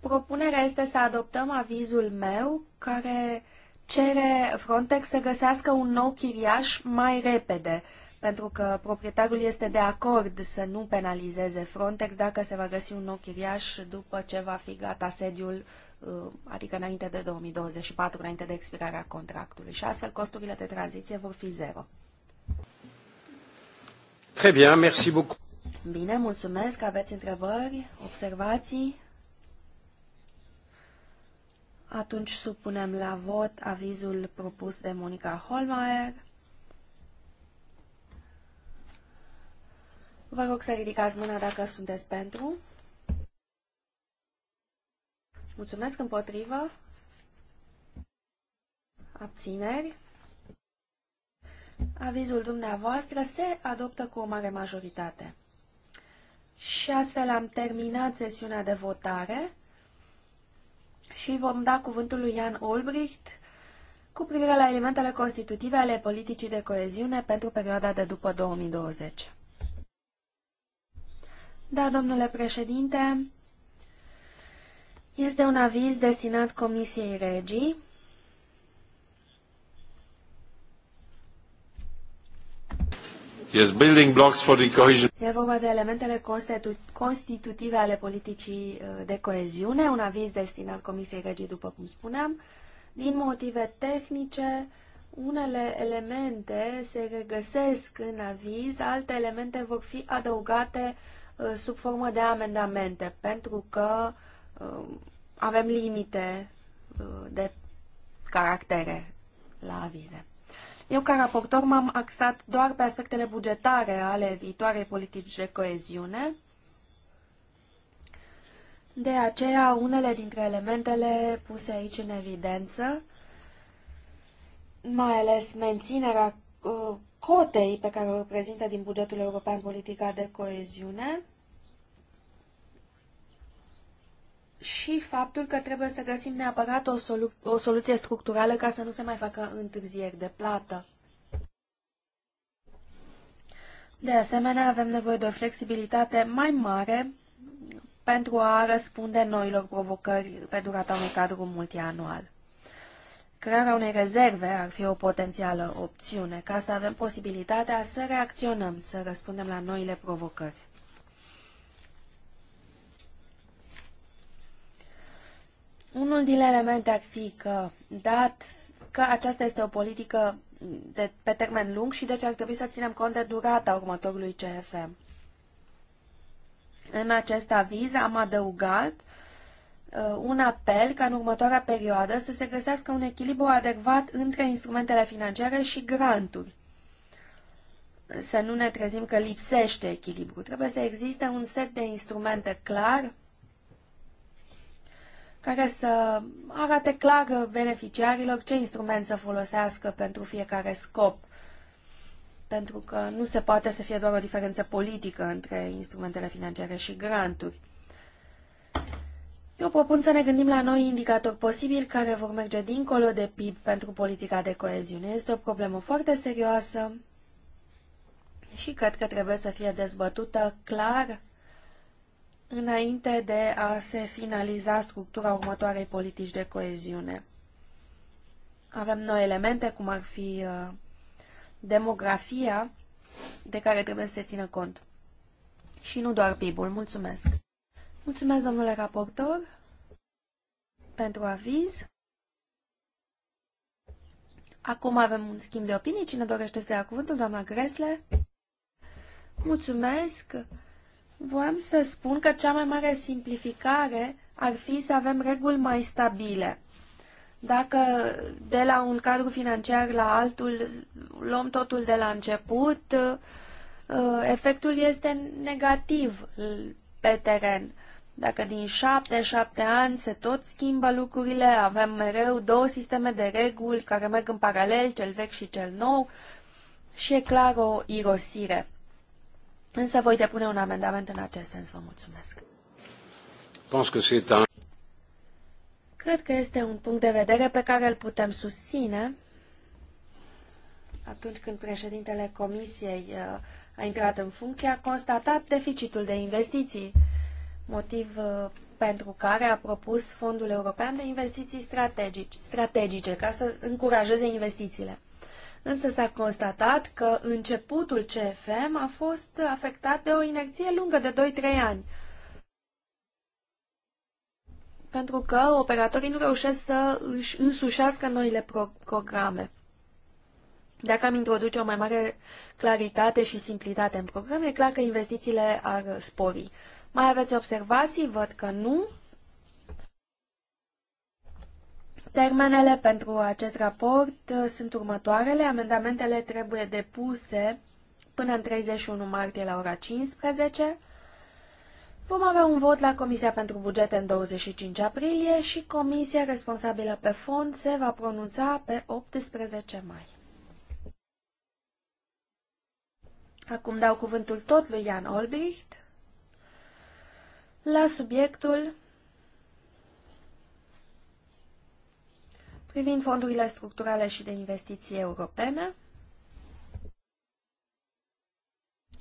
Propunerea este să adoptăm avizul meu care cere Frontex să găsească un nou chiriaș mai repede, pentru că proprietarul este de acord să nu penalizeze Frontex dacă se va găsi un nou chiriaș după ce va fi gata sediul Uh, adică înainte de 2024, înainte de expirarea contractului. Și astfel costurile de tranziție vor fi zero. Très bien, merci beaucoup. Bine, mulțumesc. Aveți întrebări, observații? Atunci supunem la vot avizul propus de Monica Holmeier. Vă rog să ridicați mâna dacă sunteți pentru. Mulțumesc împotrivă. Abțineri. Avizul dumneavoastră se adoptă cu o mare majoritate. Și astfel am terminat sesiunea de votare și vom da cuvântul lui Ian Olbricht cu privire la elementele constitutive ale politicii de coeziune pentru perioada de după 2020. Da, domnule președinte, este un aviz destinat Comisiei Regii. Yes, building blocks for the cohesion. E vorba de elementele constitu constitutive ale politicii uh, de coeziune, un aviz destinat Comisiei Regii, după cum spuneam. Din motive tehnice, unele elemente se regăsesc în aviz, alte elemente vor fi adăugate uh, sub formă de amendamente, pentru că uh, Um, avem limite uh, de caractere la avize. Eu, ca raportor, m-am axat doar pe aspectele bugetare ale viitoarei politici de coeziune. De aceea, unele dintre elementele puse aici în evidență, mai ales menținerea uh, cotei pe care o reprezintă din bugetul european politica de coeziune, și faptul că trebuie să găsim neapărat o, solu- o soluție structurală ca să nu se mai facă întârzieri de plată. De asemenea, avem nevoie de o flexibilitate mai mare pentru a răspunde noilor provocări pe durata unui cadru multianual. Crearea unei rezerve ar fi o potențială opțiune, ca să avem posibilitatea să reacționăm, să răspundem la noile provocări. Unul din elemente ar fi că, dat că aceasta este o politică de, pe termen lung și deci ar trebui să ținem cont de durata următorului CFM. În acest aviz am adăugat uh, un apel ca în următoarea perioadă să se găsească un echilibru adecvat între instrumentele financiare și granturi. Să nu ne trezim că lipsește echilibru. Trebuie să existe un set de instrumente clar care să arate clar beneficiarilor ce instrument să folosească pentru fiecare scop. Pentru că nu se poate să fie doar o diferență politică între instrumentele financiare și granturi. Eu propun să ne gândim la noi indicatori posibili care vor merge dincolo de PIB pentru politica de coeziune. Este o problemă foarte serioasă și cred că trebuie să fie dezbătută clar înainte de a se finaliza structura următoarei politici de coeziune. Avem noi elemente, cum ar fi uh, demografia, de care trebuie să se țină cont. Și nu doar PIB-ul. Mulțumesc! Mulțumesc, domnule raportor, pentru aviz. Acum avem un schimb de opinii. Cine dorește să ia cuvântul? Doamna Gresle. Mulțumesc! Voiam să spun că cea mai mare simplificare ar fi să avem reguli mai stabile. Dacă de la un cadru financiar la altul luăm totul de la început, uh, efectul este negativ pe teren. Dacă din șapte, șapte ani se tot schimbă lucrurile, avem mereu două sisteme de reguli care merg în paralel, cel vechi și cel nou, și e clar o irosire. Însă voi depune un amendament în acest sens. Vă mulțumesc. Cred că este un punct de vedere pe care îl putem susține atunci când președintele Comisiei uh, a intrat în funcție, a constatat deficitul de investiții, motiv uh, pentru care a propus Fondul European de Investiții Strategice, strategice ca să încurajeze investițiile însă s-a constatat că începutul CFM a fost afectat de o inerție lungă de 2-3 ani, pentru că operatorii nu reușesc să își însușească noile pro programe. Dacă am introduce o mai mare claritate și simplitate în program, e clar că investițiile ar spori. Mai aveți observații? Văd că nu. Termenele pentru acest raport uh, sunt următoarele. Amendamentele trebuie depuse până în 31 martie la ora 15. Vom avea un vot la Comisia pentru Bugete în 25 aprilie și Comisia responsabilă pe fond se va pronunța pe 18 mai. Acum dau cuvântul tot lui Jan Olbricht la subiectul privind fondurile structurale și de investiții europene,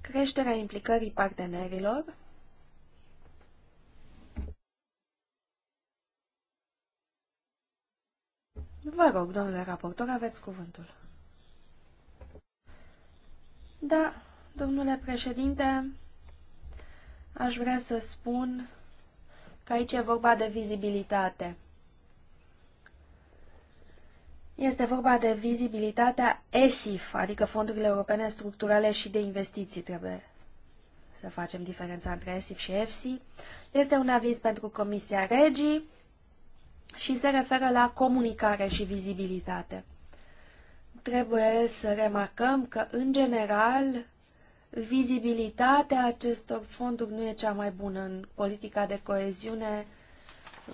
creșterea implicării partenerilor, Vă rog, domnule raportor, aveți cuvântul. Da, domnule președinte, aș vrea să spun că aici e vorba de vizibilitate. Este vorba de vizibilitatea ESIF, adică fondurile europene structurale și de investiții. Trebuie să facem diferența între ESIF și EFSI. Este un aviz pentru Comisia Regii și se referă la comunicare și vizibilitate. Trebuie să remarcăm că, în general, vizibilitatea acestor fonduri nu e cea mai bună în politica de coeziune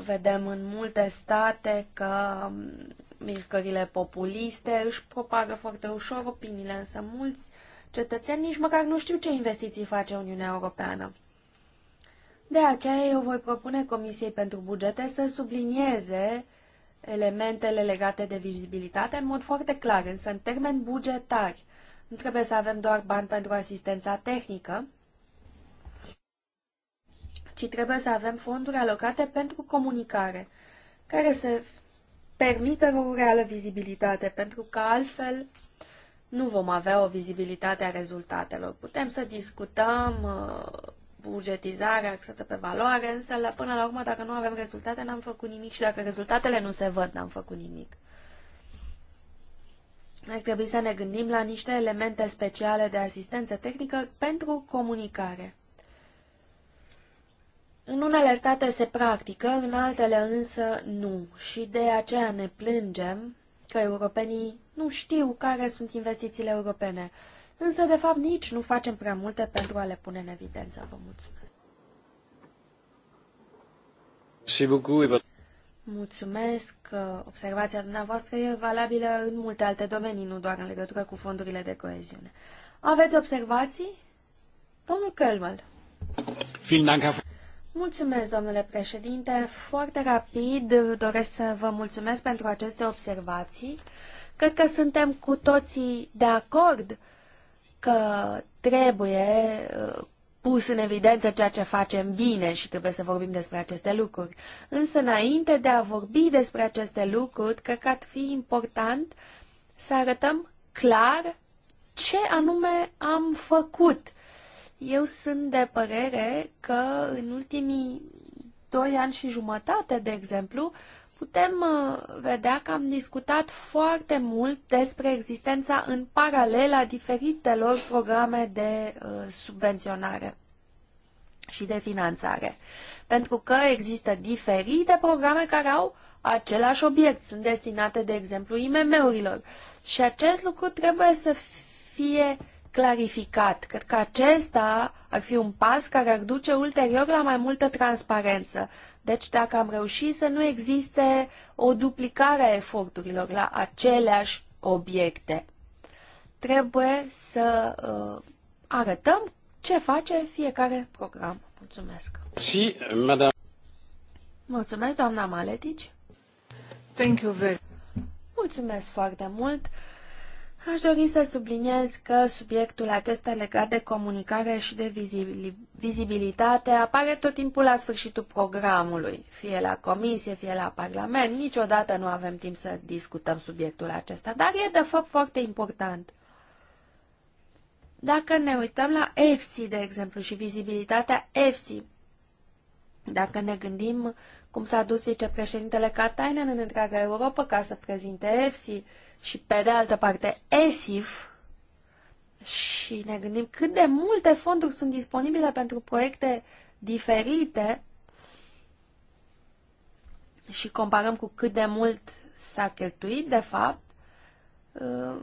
Vedem în multe state că um, mișcările populiste își propagă foarte ușor opiniile, însă mulți cetățeni nici măcar nu știu ce investiții face Uniunea Europeană. De aceea eu voi propune Comisiei pentru Bugete să sublinieze elementele legate de vizibilitate în mod foarte clar, însă în termeni bugetari. Nu trebuie să avem doar bani pentru asistența tehnică, ci trebuie să avem fonduri alocate pentru comunicare, care să permită o reală vizibilitate, pentru că altfel nu vom avea o vizibilitate a rezultatelor. Putem să discutăm uh, bugetizarea axată pe valoare, însă la, până la urmă dacă nu avem rezultate n-am făcut nimic și dacă rezultatele nu se văd n-am făcut nimic. Ar trebui să ne gândim la niște elemente speciale de asistență tehnică pentru comunicare. În unele state se practică, în altele însă nu și de aceea ne plângem că europenii nu știu care sunt investițiile europene, însă de fapt nici nu facem prea multe pentru a le pune în evidență. Vă mulțumesc! Mulțumesc! Observația dumneavoastră e valabilă în multe alte domenii, nu doar în legătură cu fondurile de coeziune. Aveți observații? Domnul Kölmel. Vielen Dank, Herr Mulțumesc, domnule președinte. Foarte rapid doresc să vă mulțumesc pentru aceste observații. Cred că suntem cu toții de acord că trebuie uh, pus în evidență ceea ce facem bine și trebuie să vorbim despre aceste lucruri. Însă, înainte de a vorbi despre aceste lucruri, cred că ar fi important să arătăm clar ce anume am făcut eu sunt de părere că în ultimii doi ani și jumătate, de exemplu, putem uh, vedea că am discutat foarte mult despre existența în paralel a diferitelor programe de uh, subvenționare și de finanțare. Pentru că există diferite programe care au același obiect, sunt destinate, de exemplu, IMM-urilor. Și acest lucru trebuie să fie uh, clarificat. Cred că acesta ar fi un pas care ar duce ulterior la mai multă transparență. Deci dacă am reușit să nu existe o duplicare a eforturilor la aceleași obiecte. Trebuie să uh, arătăm ce face fiecare program. Mulțumesc. Și, madame. Mulțumesc, doamna Maletici. Thank you very Mulțumesc foarte mult. Aș dori să subliniez că subiectul acesta legat de comunicare și de vizibilitate apare tot timpul la sfârșitul programului, fie la comisie, fie la parlament. Niciodată nu avem timp să discutăm subiectul acesta, dar e de fapt foarte important. Dacă ne uităm la EFSI, de exemplu, și vizibilitatea EFSI, dacă ne gândim cum s-a dus vicepreședintele Katainen în întreaga Europa ca să prezinte EFSI, și pe de altă parte ESIF și ne gândim cât de multe fonduri sunt disponibile pentru proiecte diferite și comparăm cu cât de mult s-a cheltuit, de fapt, uh,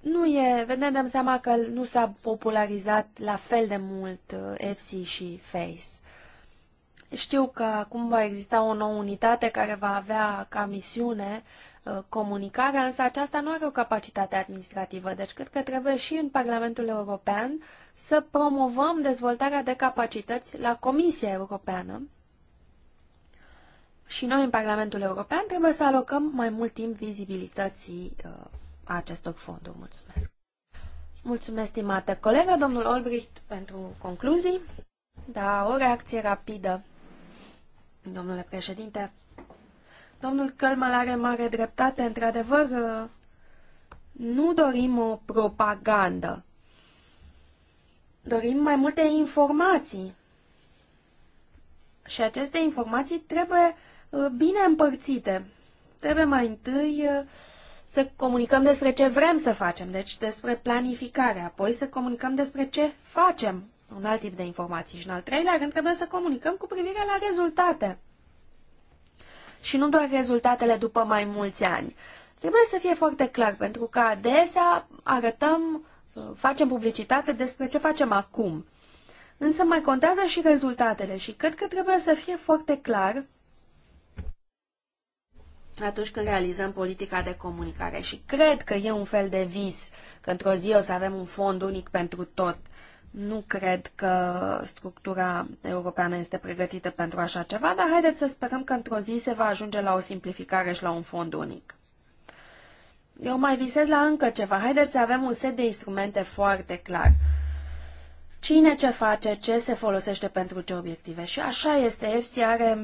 nu e, ne dăm seama că nu s-a popularizat la fel de mult uh, FC și Face. Știu că acum va exista o nouă unitate care va avea ca misiune uh, comunicarea, însă aceasta nu are o capacitate administrativă, deci cred că trebuie și în Parlamentul European să promovăm dezvoltarea de capacități la Comisia Europeană. Și noi în Parlamentul European trebuie să alocăm mai mult timp vizibilității uh, acestor fonduri. Mulțumesc! Mulțumesc, stimată colegă, domnul Olbricht, pentru concluzii. Da, o reacție rapidă. Domnule președinte, domnul Călmăl are mare dreptate. Într-adevăr, nu dorim o propagandă. Dorim mai multe informații. Și aceste informații trebuie uh, bine împărțite. Trebuie mai întâi uh, să comunicăm despre ce vrem să facem, deci despre planificare, apoi să comunicăm despre ce facem un alt tip de informații. Și în al treilea rând trebuie să comunicăm cu privire la rezultate. Și nu doar rezultatele după mai mulți ani. Trebuie să fie foarte clar, pentru că adesea arătăm, uh, facem publicitate despre ce facem acum. Însă mai contează și rezultatele și cred că trebuie să fie foarte clar atunci când realizăm politica de comunicare. Și cred că e un fel de vis că într-o zi o să avem un fond unic pentru tot. Uh, nu cred că structura europeană este pregătită pentru așa ceva, dar haideți să sperăm că într-o zi se va ajunge la o simplificare și la un fond unic. Eu mai visez la încă ceva. Haideți să avem un set de instrumente foarte clar. Cine ce face, ce se folosește pentru ce obiective. Și așa este. EFSI are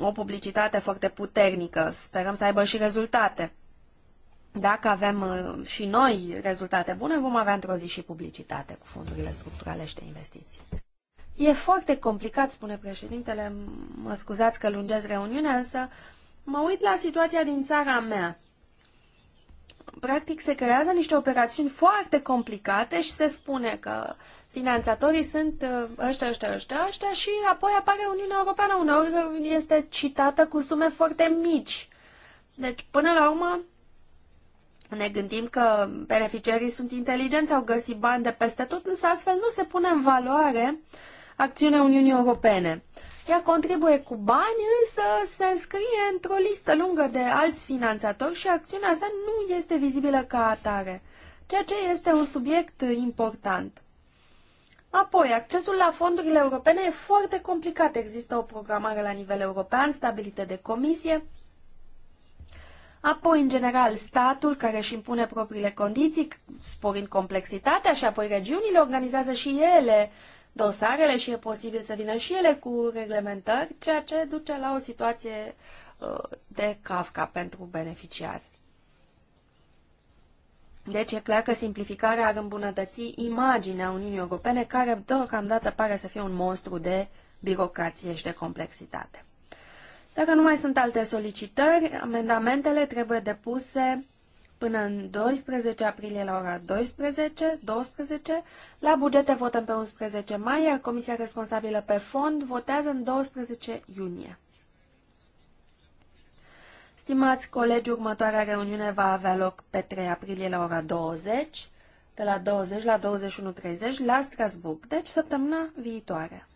o publicitate foarte puternică. Sperăm să aibă și rezultate. Dacă avem uh, și noi rezultate bune, vom avea într-o zi și publicitate cu fondurile structurale și de investiții. E foarte complicat, spune președintele, mă scuzați că lungesc reuniunea, însă mă uit la situația din țara mea. Practic se creează niște operațiuni foarte complicate și se spune că finanțatorii sunt uh, ăștia, ăștia, ăștia, ăștia și apoi apare Uniunea Europeană. Uneori este citată cu sume foarte mici. Deci, până la urmă, ne gândim că beneficiarii sunt inteligenți, au găsit bani de peste tot, însă astfel nu se pune în valoare acțiunea Uniunii Europene. Ea contribuie cu bani, însă se înscrie într-o listă lungă de alți finanțatori și acțiunea sa nu este vizibilă ca atare, ceea ce este un subiect important. Apoi, accesul la fondurile europene e foarte complicat. Există o programare la nivel european stabilită de comisie, apoi, în general, statul care își impune propriile condiții, sporind complexitatea și apoi regiunile organizează și ele dosarele și e posibil să vină și ele cu reglementări, ceea ce duce la o situație uh, de Kafka pentru beneficiari. Deci e clar că simplificarea ar îmbunătăți imaginea Uniunii Europene, care deocamdată pare să fie un monstru de birocrație și de complexitate. Dacă nu mai sunt alte solicitări, amendamentele trebuie depuse până în 12 aprilie la ora 12, 12. La bugete votăm pe 11 mai, iar comisia responsabilă pe fond votează în 12 iunie. Stimați colegi, următoarea reuniune va avea loc pe 3 aprilie la ora 20, de la 20 la 21.30 la Strasburg, deci săptămâna viitoare.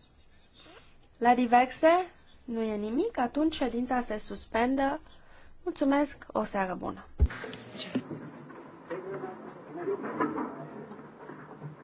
La diverse, nu e nimic, atunci ședința se suspendă. Mulțumesc, o seară bună!